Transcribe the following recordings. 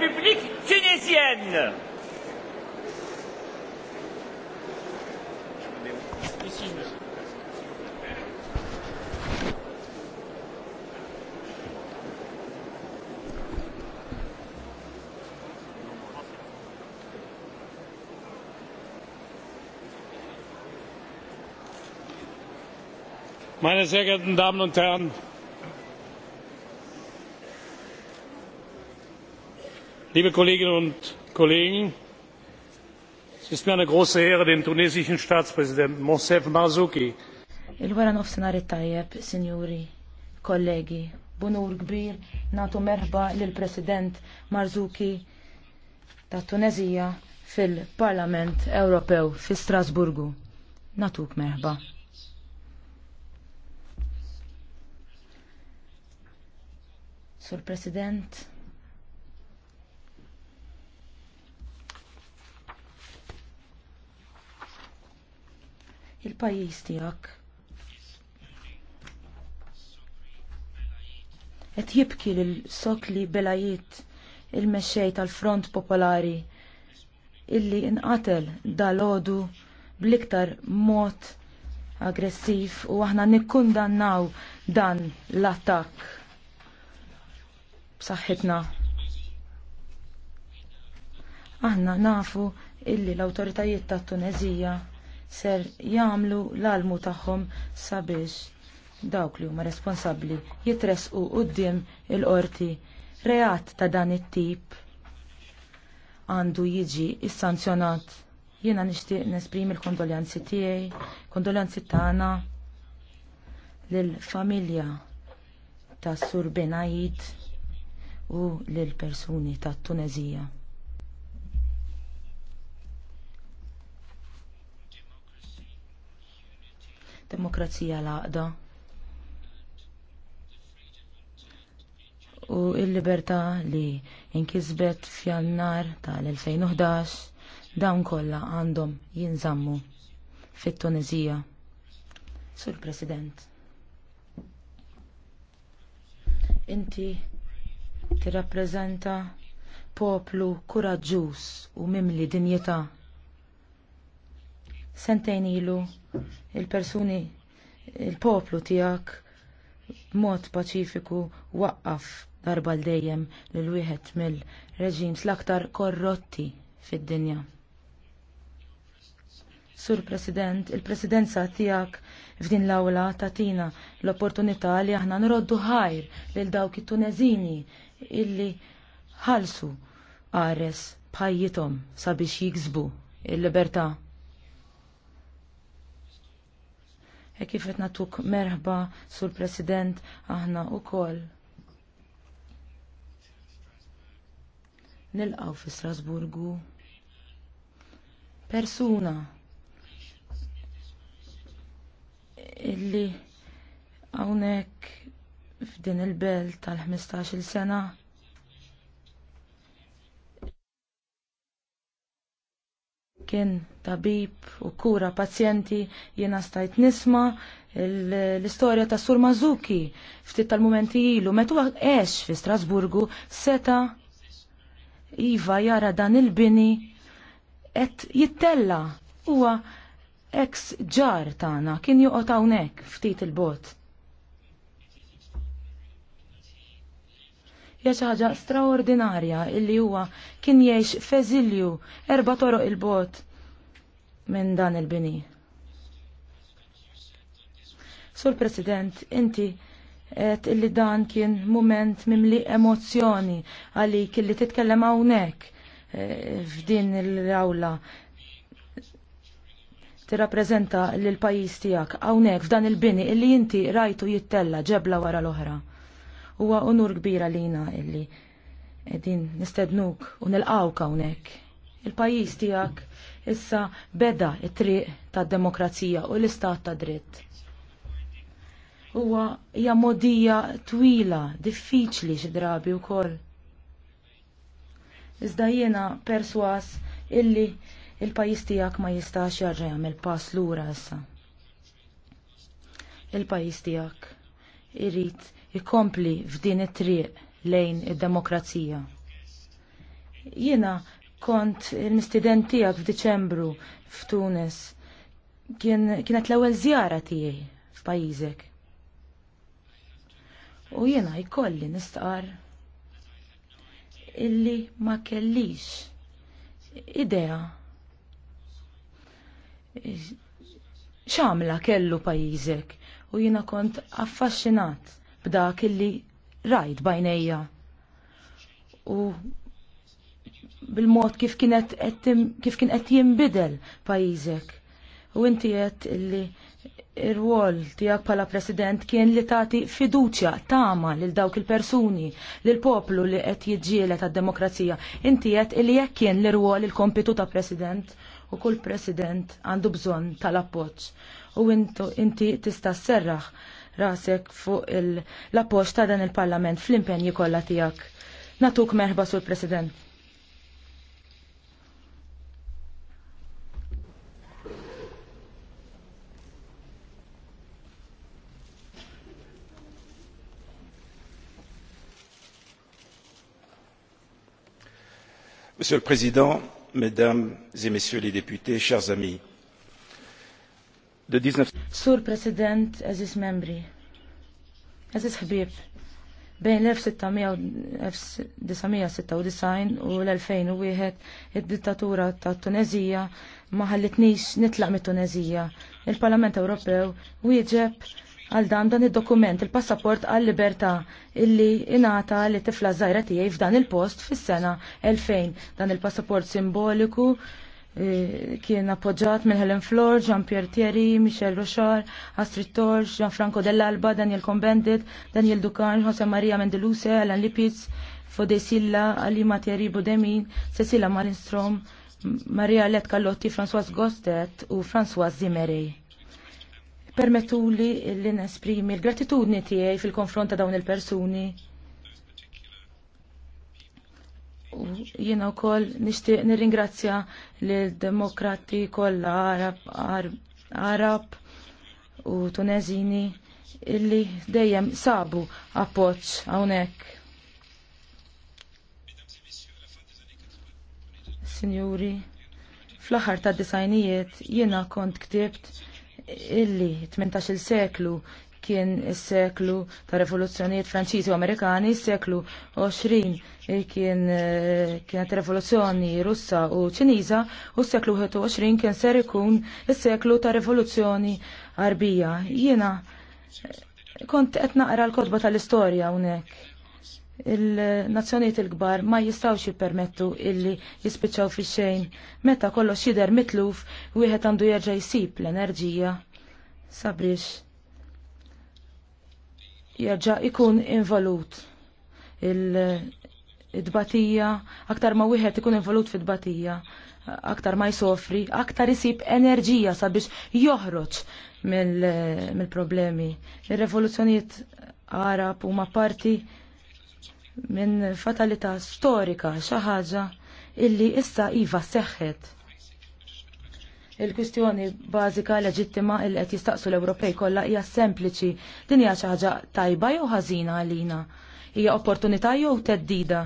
République tunisienne. Meine sehr geehrten Damen und Herren, Liebe Kolleginnen und Kollegen, es ist mir eine große Ehre, den tunesischen Staatspräsidenten Monsef Marzouki. Il-wara nofsinhar it-tajjeb, sinjuri, kollegi, bunur kbir nagħtu merħba lill President Marzuki ta' Tunezija fil-Parlament Ewropew fi Strasburgu. nagħtuk merħba. Sur President, il-pajjiż tiegħek. Qed jibki lil Sokli Belajiet il-mexxej tal-Front Popolari illi inqatel dalodu bl-iktar mod aggressiv u aħna nikkundannaw dan l-attakk b'saħħitna. Aħna nafu illi l-awtoritajiet tat-Tunezija ser jagħmlu l-almu tagħhom sabiex dawk li huma responsabbli jitresqu quddiem il-qorti reat ta' dan it-tip għandu jiġi sanzjonat. Jiena nixtieq nesprimi l-kondoljanzi tiegħi, kondoljanzi tagħna lill-familja tas Sur Benajid u lill persuni tat Tunezija. demokrazija laqda. U il-libertà li inkisbet f'jannar tal-2011 dawn kollha għandhom jinżammu fit-Tunizija. Sur President. Inti tirrappreżenta poplu kuraġġuż u mimli dinjità. Sentejn ilu il-persuni, il-poplu tijak mod paċifiku waqqaf darba l-dejjem l wieħed mill-reġims l-aktar korrotti fid-dinja. Sur President, il-Presidenza tijak f'din l-awla tatina l-opportunità li aħna nroddu ħajr lil dawk it-Tunezini illi ħalsu għares bħajjithom sabiex jiksbu il-libertà. E kif qed nagħtuk merħba sur President aħna wkoll. Nilqgħu fi Strasburgu persuna illi hawnhekk f'din il-belt tal-15-il sena kien tabib u kura pazjenti jiena stajt nisma l-istorja ta' Sur Mazuki ftit tal-momenti ilu metu għex fi Strasburgu seta Iva jara dan il-bini et jittella huwa ex ġar tagħna kien joqgħod hawnhekk ftit il-bot. hija xi ħaġa straordinarja illi huwa kien jgħix feżilju erba' toroq il-bot minn dan il-bini. Sur President, inti qed illi dan kien mument mimli emozjoni għalik illi titkellem hawnhekk eh, f'din l-awla tirrappreżenta lill pajjiż tiegħek hawnhekk f'dan il-bini illi inti rajtu jittella ġebla wara l-oħra. Huwa unur kbira lina illi qegħdin nistednuk u nilqawk hawnhekk. Il-pajjiż tiegħek issa beda it-triq tad-demokrazija u l-istat ta' dritt. Huwa hija modija twila, diffiċli xi drabi wkoll. Iżda jiena perswas illi il-pajis tijak ma jistax jarġa jagħmel pass lura issa. Il-pajis tijak irid ikompli f'din it-triq lejn id-demokrazija. Jiena kont il istudent tiegħek f'Diċembru f'Tunis kien, kienet l-ewwel żjara tiegħi f'pajjiżek. U jiena jkolli nistqar illi ma kellix idea xamla kellu pajjiżek u jiena kont affaxxinat b'dak illi rajt bajnejja. U bil-mod kif kien qed jinbidel pajjiżek. U inti qed illi ir-rwol tiegħek bħala president kien li tagħti fiduċja tama lil dawk il-persuni, lil poplu li qed jiġielet għad-demokrazija. Inti qed illi jekk kien l-irwol il-kompitu ta' president u kull president għandu bżonn tal-appoġġ. U inti tista' serraħ rasek fuq l-appoġġ ta' dan il-Parlament fl-impenji kollha tiegħek. Natuk merħba sur President. Monsieur le Président, Mesdames et Messieurs les députés, chers amis, de 19... Sur President, Aziz membri, Aziz ħbib, bejn l-1996 u l-2001 id-dittatura ta' Tunezija ma ħallitnix nitlaq mit tunezija Il-Parlament Ewropew wieġeb għal dan dan id-dokument il passaport għal libertà illi inata li tifla żgħira tiegħi f'dan il-post fis-sena 2000. Dan il-passaport simboliku E, kien appoġġat minn Helen Flor, Jean-Pierre Thierry, Michel Rochar, Astrid Torx, Gianfranco Dell'Alba, Daniel Combendit, Daniel Ducan, Jose Maria Mendeluse, Alan Lipitz, Fode Silla, Alima Thierry Budemin, Cecilia Marinstrom, Maria Let Callotti, François Gostet u François Zimmerey. Permettuli li nesprimi l-gratitudni tiegħi fil-konfront ta' dawn il-persuni Jiena wkoll nixtieq nirringrazzja lill-demokrati kollha Arab, Arab u Tunezini illi dejjem sabu appoġġ hawnhekk. Signori, fl-aħħar ta' disajnijiet jiena kont ktibt illi 18 seklu kien is-seklu ta' revoluzzjonijiet Franċiżi u Amerikani, is-seklu 20 eh, kien eh, kienet revoluzzjoni Russa u Ċiniża u s-seklu 21 kien ser ikun is-seklu ta' revoluzzjoni Arbija. Jiena eh, kont qed naqra l-kotba tal-istorja hawnhekk. Il-nazzjonijiet il-kbar ma jistawx jippermettu illi jispiċċaw fix-xejn. Meta kollox jidher mitluf, wieħed għandu jerġa' jsib l-enerġija sabiex jaġa ikun involut il-dbatija, aktar ma wieħed ikun involut fid-dbatija, aktar ma jsofri, aktar isib enerġija sabiex joħroġ mill-problemi. Mil Ir-revoluzzjonijiet Arab huma parti minn fatalità storika xi ħaġa illi issa iva seħħet. Il-kwistjoni bażika leġittima il qed jistaqsu l-Ewropej kollha hija sempliċi din hija xi ħaġa tajba jew ħażina għalina. Hija opportunità jew teddida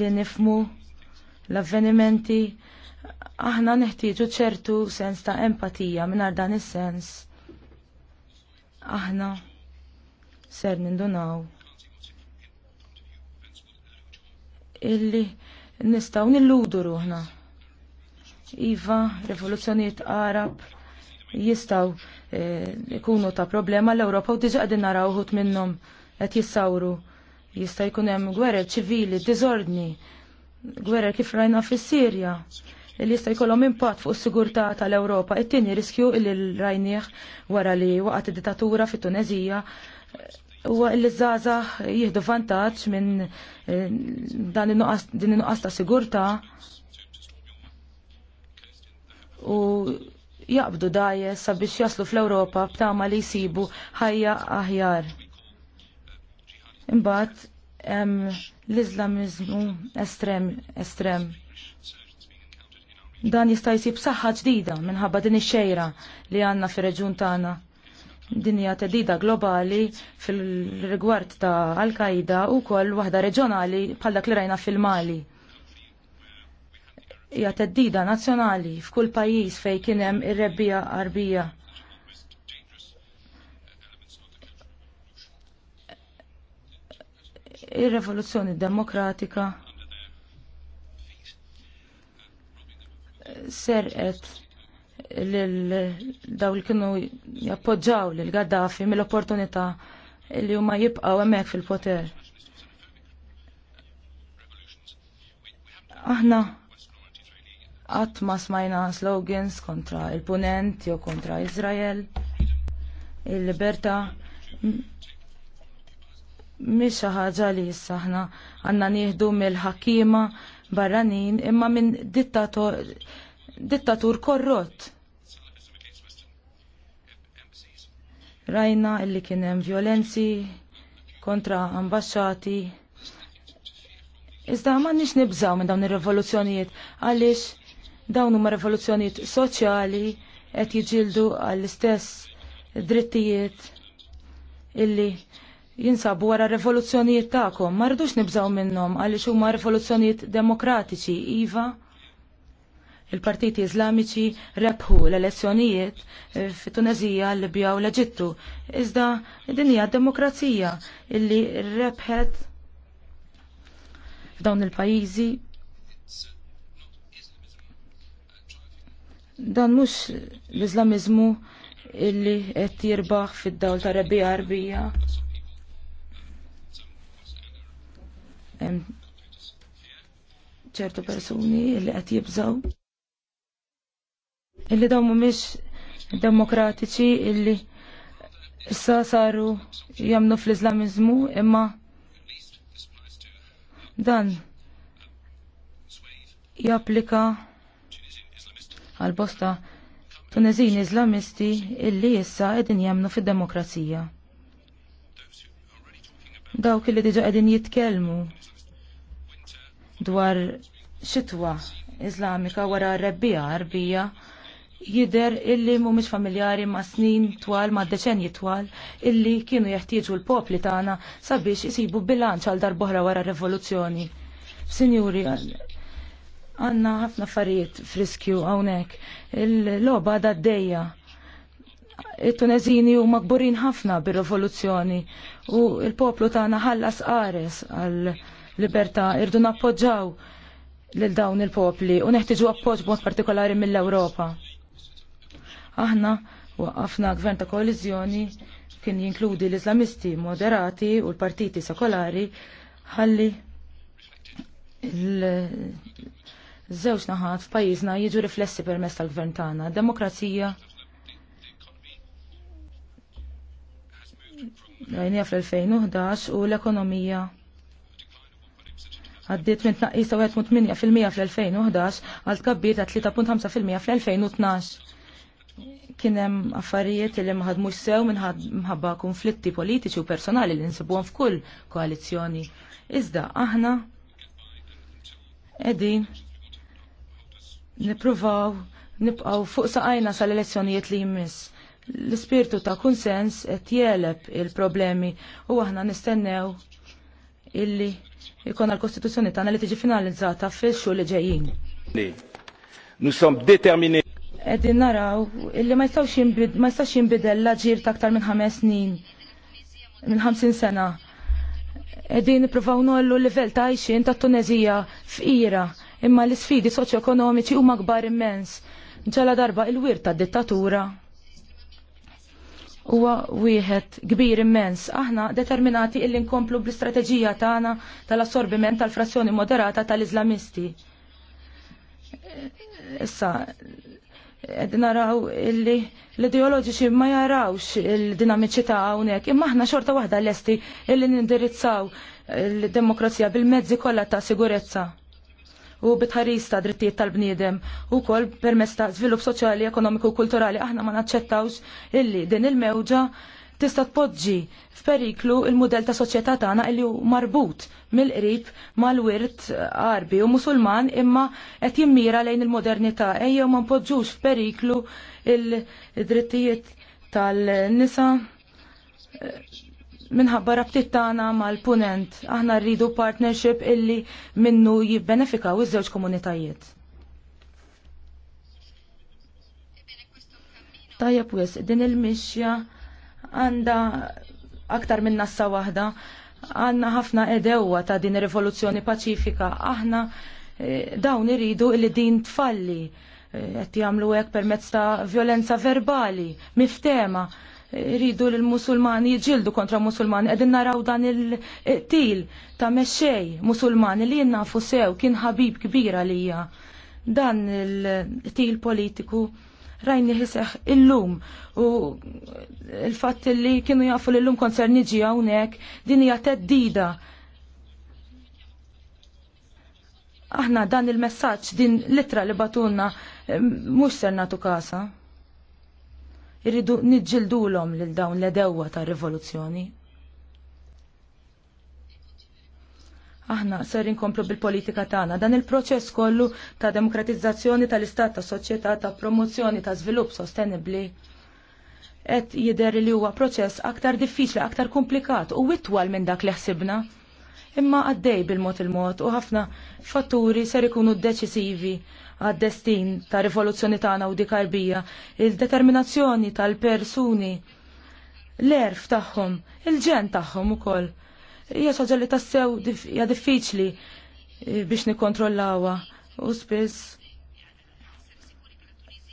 li nifmu l-avvenimenti aħna neħtieġu ċertu sens ta' empatija mingħajr dan is-sens. Aħna ser nindunaw. Illi nistgħu nilludu ruħna Iva, rivoluzzjonijiet Arab jistaw eh, ikunu ta' problema l-Ewropa u diġa għadin naraw uħut minnom qed jissawru. Jista' jkun hemm gwerer ċivili, diżordni, gwerer kif rajna fis-Sirja li jista' jkollhom impatt fuq is-sigurtà tal-Ewropa. It-tieni riskju li rajnieh wara li waqgħet id-dittatura fit-Tunezija eh, huwa li żgħażagħ jieħdu vantaġġ minn eh, dan din nuqasta ta' sigurtà u jaqbdu daje sabiex jaslu fl-Ewropa b'tama li jsibu ħajja aħjar. Imbagħad hemm l-Iżlamiżmu estrem estrem. Dan jista' jsib saħħa ġdida minħabba din ix-xejra li għandna fir-reġjun tagħna. Din hija tedida globali fil-rigward ta' Al-Qaida u waħda reġjonali bħal dak li rajna fil-Mali hija teddida nazzjonali f'kull pajjiż fejn kien hemm ir-rebbija qarbija. Ir-Revoluzzjoni Demokratika serqet lil daw li kienu jappoġġaw lil Gaddafi mill-opportunità li huma jibqgħu hemmhekk fil-poter. Aħna Qatt ma smajna slogans kontra il-punent jew kontra Izrael. Il-libertà mhix xi ħaġa li issa aħna għandna nieħdu mill-ħakima barranin imma minn dittatur korrott. Rajna illi kien hemm violenzi kontra ambasċati. Iżda ma nix nibżaw minn dawn ir-revoluzzjonijiet għaliex Dawn huma revoluzzjonijiet soċjali qed jiġildu għall-istess drittijiet illi jinsabu wara revoluzzjonijiet tagħkom. Ma rridux nibżgħu minnhom għaliex huma revoluzzjonijiet demokratiċi iva il-partiti iżlamiċi rebħu l-elezzjonijiet eh, fit-Tunezija, l-Libja u l-Eġittu. Iżda din hija demokrazija illi rebħet f'dawn il-pajjiżi Dan mhux l-Iżlamiżmu illi qed jirbaħ fid-dawl ta' rebbija arbija. ċertu persuni illi qed jibżaw. Illi dawn mhumiex demokratiċi illi issa saru jamnu fl-Iżlamiżmu imma dan japplika għal-bosta Tunezini Islamisti illi issa qegħdin jemnu fid-demokrazija. Dawk illi diġa qegħdin jitkellmu dwar xitwa Islamika wara rebbija arbija jider illi mhumiex familjari ma' snin twal ma' deċenji twal illi kienu jeħtieġu l-popli tagħna sabiex isibu bilanċ għal darbohra wara revoluzzjoni. Sinjuri, Għanna ħafna affarijiet friskju hawnhekk. Il-logħba għadha d-dejja. Il-Tunezini huma magburin ħafna bir-rivoluzzjoni u il-poplu tagħna ħallas qares għal libertà irdu nappoġġaw lil dawn il-popli u neħtiġu appoġġ b'mod partikolari mill-Ewropa. Aħna waqqafna gvern ta' koalizjoni kien jinkludi l-Islamisti moderati u l-partiti sekolari ħalli żewġ naħat f'pajjiżna jiġu riflessi permess tal-gvern tagħna. Demokrazija rajnija fl-2011 u l-ekonomija għaddiet minn tnaqqis ta' 1.8% fl-2011 għal tkabbir ta' 3.5% fl-2012. Kien hemm affarijiet li maħadmux sew minħabba konflitti politiċi u personali li nsibuhom f'kull koalizzjoni. Iżda aħna qegħdin Nipruvaw nibqaw fuq saqajna sal-elezzjonijiet li jmiss. L-ispirtu ta' kunsens qed jeleb il-problemi u aħna nistennew illi ikon l-Kostituzzjoni tagħna li tiġi finalizzata fil xhur li ġejjin. Nusom determinati. déterminés. Qegħdin naraw illi ma jistax jinbidel l ta' aktar minn ħames snin minn ħamsin sena. Qegħdin nippruvaw nollu l-livell ta' għajxin ta' Tunezija f'ira imma l-sfidi soċjoekonomiċi huma kbar immens. Ġala darba il-wir ta' dittatura huwa wieħed kbir immens. Aħna determinati illi nkomplu bl-istrateġija tagħna tal-assorbiment tal-frazzjoni moderata tal-Iżlamisti. Issa, qed naraw illi l-ideoloġiċi ma jarawx il-dinamiċità hawnhekk, imma aħna xorta waħda lesti illi nindirizzaw il-demokrazija bil-mezzi kollha ta' sigurezza u bitħaris ta' drittijiet tal-bniedem u kol permess ta' svilup soċjali, ekonomiku u kulturali. Aħna ma naċċettawx illi din il-mewġa tista' tpoġġi f'periklu il-mudell ta' soċjetà tagħna illi hu marbut mill-qrib mal-wirt qarbi u musulman imma qed jimmira lejn il-modernità ejja ma npoġġux f'periklu il-drittijiet tal-nisa minħabba rabtiet tagħna mal-punent. Aħna rridu partnership illi minnu jibbenefikaw iż-żewġ komunitajiet. Tajja wis, din il-mixja għandha aktar minn nassa waħda, għandna ħafna edewa ta' din ir-rivoluzzjoni paċifika, aħna eh, dawn iridu illi din tfalli eh, qed jagħmlu hekk permezz ta' violenza verbali, miftema ridu l-Musulmani jġildu kontra Musulmani, għedin naraw dan il-til ta' meċċej Musulmani li nafu sew kien ħabib kbira lija. Dan il-til politiku rajni il illum u il-fatt li kienu jafu l-lum konzerni ġi għawnek din hija teddida aħna dan il-messaċ din litra li batunna eh, mux ser natu kasa irridu niġġildulhom lil dawn l-edewwa tar-rivoluzzjoni. Aħna ser inkomplu bil-politika tagħna dan il-proċess kollu ta' demokratizzazzjoni tal-istat ta' soċjetà ta' promozzjoni ta' żvilupp sostenibbli qed jidher li huwa proċess aktar diffiċli, aktar komplikat u witwal minn dak li ħsibna imma għaddej bil-mod il-mod u ħafna fatturi ser ikunu deċisivi għad-destin ta' rivoluzzjoni tagħna u dikarbija, il-determinazzjoni tal-persuni, l-erf tagħhom, il-ġen tagħhom ukoll. Hija xi ħaġa li tassew hija diffiċli eh, biex nikkontrollawha u spiss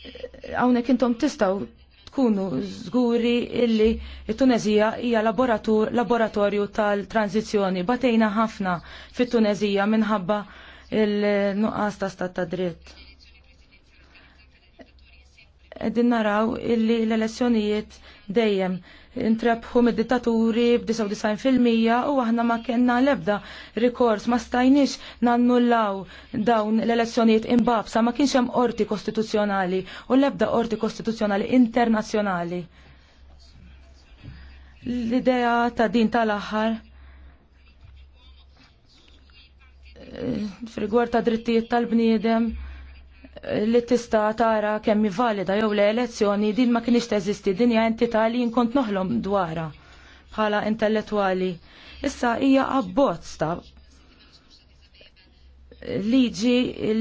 eh, hawnhekk intom tistgħu tkunu żguri illi it-Tunezija hija laboratorju tal-tranzizzjoni. Batejna ħafna fit-Tunezija minħabba il-nuqqas ta' stat ta' dritt. Qegħdin naraw illi l-elezzjonijiet dejjem intrebħu mid-dittaturi b-99% u aħna ma kellna l-ebda rikors ma stajniex nannullaw dawn l-elezzjonijiet imbabsa ma kienx hemm orti kostituzzjonali u l-ebda orti kostituzzjonali internazzjonali. L-idea ta' din tal-aħħar eh, frigwar ta' drittijiet tal-bniedem li tista tara kemm valida jew le elezzjoni din ma kienx teżisti din hija entità li jinkont noħlom dwarha bħala intellettwali. Issa hija abbozz ta' liġi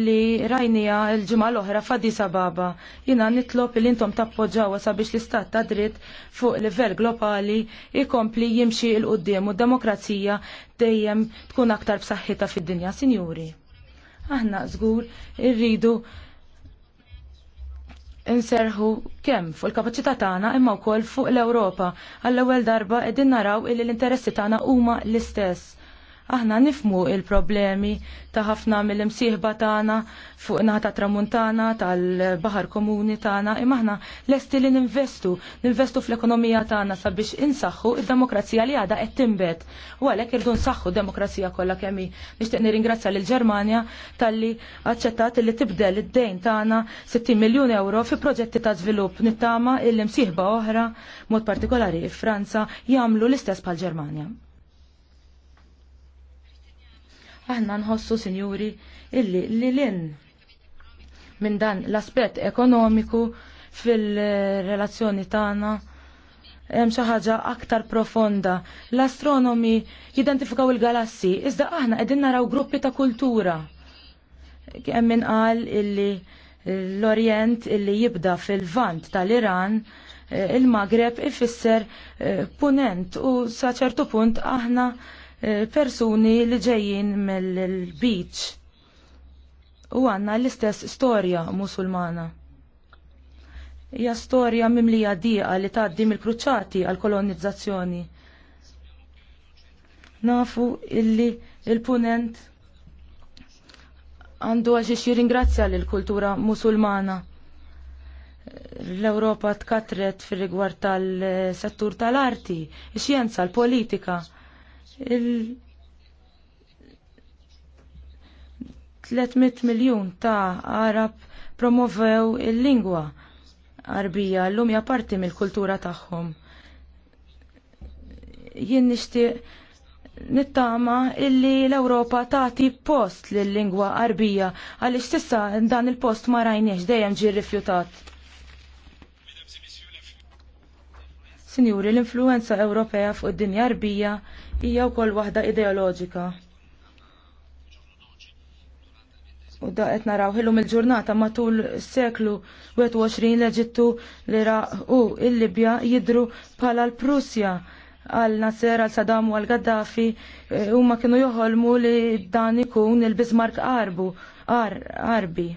li rajnija l-ġimgħa l-oħra fadi sababa. Jiena nitlob li intom tappoġġawha sabiex l-istat ta' dritt fuq livell globali ikompli jimxi l qudiem u d-demokrazija dejjem tkun aktar b'saħħitha fid-dinja, sinjuri. Aħna żgur irridu inserħu kemm fuq il-kapaċità tagħna imma wkoll fuq l-Ewropa. Għall-ewwel darba qegħdin naraw illi l-interessi tagħna huma l-istess. Aħna nifmu il-problemi ta' ħafna mill-imsieħba tagħna fuq naħa ta' tramuntana tal-baħar komuni tagħna imma aħna lesti li ninvestu, ninvestu fl-ekonomija tagħna sabiex insaħħu id-demokrazija li għadha qed timbet. U għalhekk irdu nsaħħu d-demokrazija kollha kemm hi. Nixtieq nirringrazzja lil Ġermanja talli aċċettat li tibdel id-dejn tagħna 60 miljun euro fi proġetti ta' żvilupp nittama il-imsieħba oħra, mod partikolari Franza, jagħmlu l-istess bħall Ġermanja. Aħna nħossu, sinjuri, illi li lin minn dan l-aspett ekonomiku fil-relazzjoni tagħna hemm xi ħaġa aktar profonda. L-astronomi jidentifikaw il-galassi, iżda aħna qegħdin naraw gruppi ta' kultura. Hemm min qal illi l orient illi jibda fil-vant tal-Iran eh, il-Magreb ifisser eh, punent u sa ċertu punt aħna Eh, persuni li ġejjin mill-beach. U għanna l-istess storja musulmana. Hija storja mimlija diqa li tgħaddi mill-kruċati għal-kolonizzazzjoni. Nafu illi il-punent għandu għaxiex jiringrazzja l-kultura musulmana l-Europa tkatret fil rigward tal-settur tal-arti, xjenza, l-politika il 300 miljun ta' Arab promovew il-lingwa arbija l-lum parti mill-kultura tagħhom. Jien nixtieq nittama illi l-Ewropa tagħti post lill-lingwa arbija għaliex tista dan il-post ma rajniex dejjem ġie rrifjutat. Sinjuri, l-influenza Ewropea fuq id-dinja arbija hija wkoll waħda ideoloġika. U da qed naraw ħilhom il-ġurnata matul is-seklu 21 l-Eġittu l-Iraq u l-Libja jidru bħala l-Prussja għal Nasser għal Saddam u għal Gaddafi e, huma kienu joħolmu li dan ikun il-Bismarck qarbu arbi.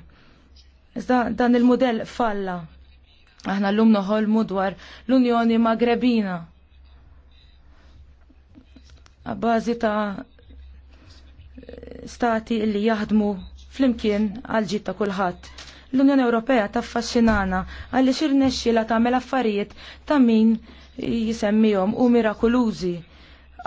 dan il-mudell falla. Aħna llum noħolmu dwar l-Unjoni Magrebina għabbażi ta' stati illi jaħdmu flimkien għal ta' kulħadd. L-Unjoni Ewropea taffaxxinana għalli xirnexxi la tagħmel affarijiet ta' min jisemmihom u mirakuluzi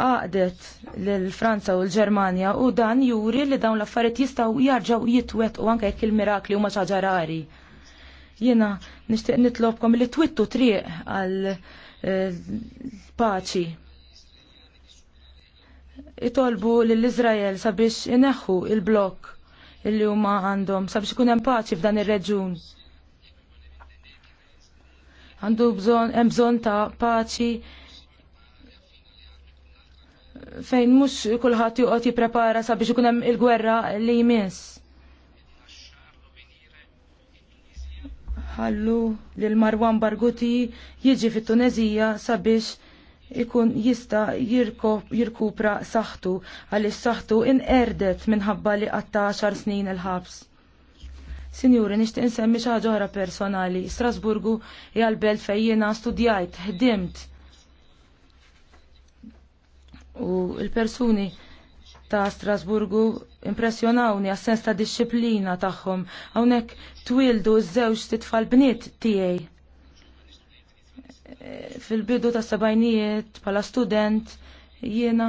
għadet l-Franza u l-Ġermanja u dan juri li dawn l-affarijiet jistgħu jarġgħu jitwet u anke jekk il-mirakli huma maċaġarari. Jena nishtiq Jiena nixtieq nitlobkom li twittu triq għal eh, paċi jitolbu lill-Izrael sabiex ineħħu il-blok illi huma għandhom sabiex ikun hemm paċi f'dan ir-reġun. Għandu bżonn hemm bżonn ta' paċi fejn mhux kulħadd joqgħod jipprepara sabiex ikun hemm il-gwerra li jmiss. ħallu lil Marwan Barguti jiġi fit-Tunezija sabiex ikun jista jirkupra saħtu għaliex saħħtu inqerdet minħabba li għatta xar snin il-ħabs. Sinjuri, nixtieq insemmi xi ħaġa oħra personali. Strasburgu jgħal belt fejn studijajt, studjajt, ħdimt. U l-persuni ta' Strasburgu impressjonawni għas-sens ta' disċiplina tagħhom. Hawnhekk twildu ż-żewġ titfal bniet tiegħi fil-bidu ta' sabajnijiet pala student jiena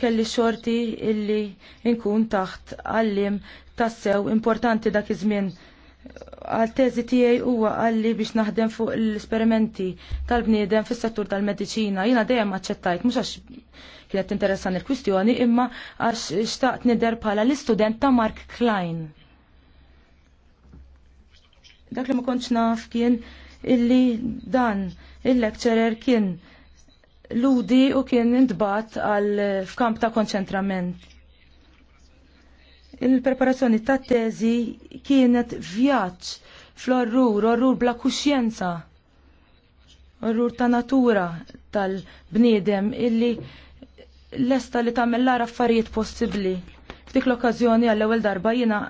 kelli xorti illi nkun taħt għallim tassew importanti dak iż-żmien għal-teżi tiegħi huwa għalli biex naħdem fuq l-esperimenti tal-bniedem fis-settur tal-mediċina. Jiena dejjem aċċettajt mhux għax kienet interessan il-kwistjoni imma għax xtaqt nidher bħala l-istudent ta' Mark Klein. Dak li ma kontx naf kien illi dan il-lecturer kien ludi u kien intbat għal f'kamp ta' konċentrament. Il-preparazzjoni ta' teżi kienet vjaġġ fl-orrur, orrur bla kuxjenza, orrur ta' natura tal-bniedem illi lesta li tagħmel l affarijiet possibbli. F'dik l-okkażjoni għall-ewwel darba jiena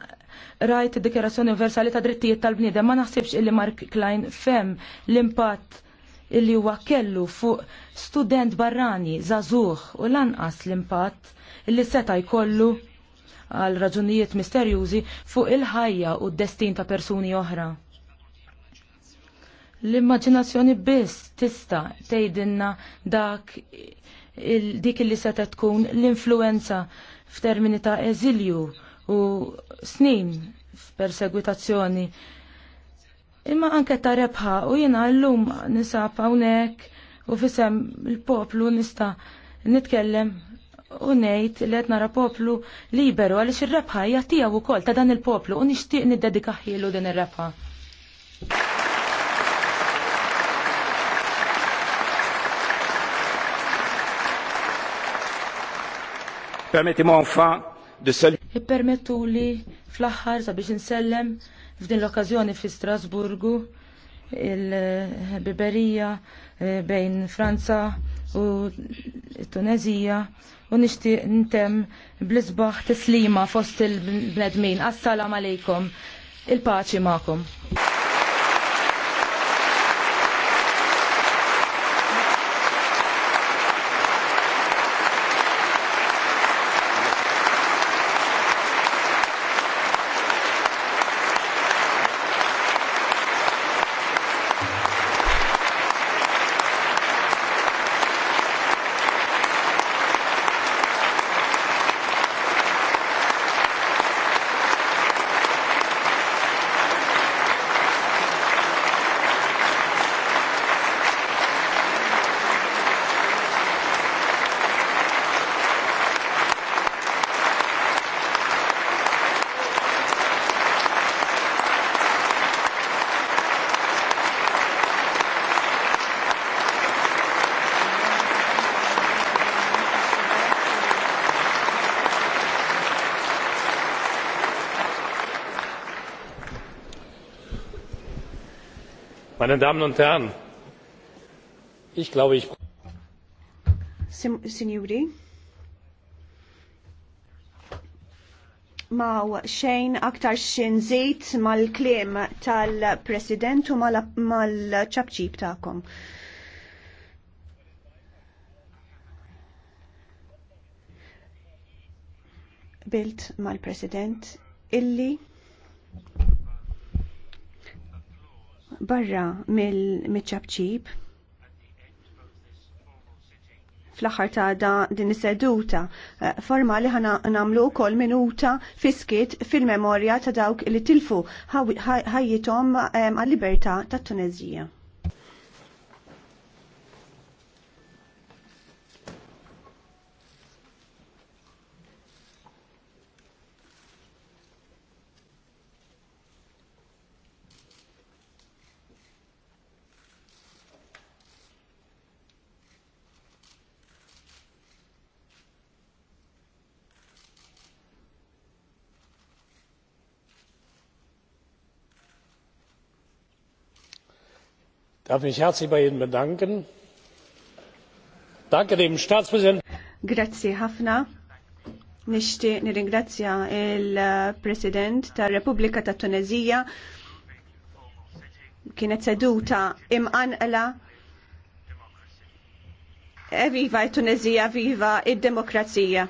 rajt id-Dikjerazzjoni Universali ta' Drittijiet tal-Bniedem ma naħsibx illi Mark Klein fem l-impatt illi huwa kellu fuq student barrani zazuħ u lanqas l-impatt illi seta' jkollu għal raġunijiet misterjużi fuq il-ħajja u d-destin ta' persuni oħra. L-immaġinazzjoni biss tista' tgħidilna dak dik illi seta' tkun l-influenza f'termini ta' eżilju u snin f'persegwitazzjoni. Imma anke ta' rebħa u jiena llum nisab hawnhekk u fisem il-poplu nista' nitkellem u ngħid li qed nara poplu liberu għaliex ir-rebħa hija tiegħu wkoll ta' dan il-poplu u nixtieq niddedika din ir-rebħa. Permettez-moi enfin de saluer ippermettu li fl-aħħar sabiex insellem f'din l-okkażjoni fi Strasburgu il-biberija eh, bejn Franza u Tunezija u nixtieq nintem bl-isbaħ tislima fost il-bnedmin. Assalamu alaikum. Il-paċi ma'kom. Meine Damen und Herren, ich glaube, ich. Signori, ma xejn aktar xin zejt mal-klim tal-president u mal-ċabċib ta'kom. Bilt mal-president illi barra mill-ċabċib fl-axar ta' da din seduta eh, formali ħana namlu kol minuta fiskit fil-memorja ta' dawk li tilfu ħajjitom għal-libertà ta' Tunezija. darf mich herzlich bei Ihnen bedanken. Danke dem Staatspräsidenten. Grazie Hafna. Nixtieq nirringrazzja il-President tar-Repubblika ta' Tunezija kienet seduta imqanqla e Viva t Tunezija, viva id-demokrazija.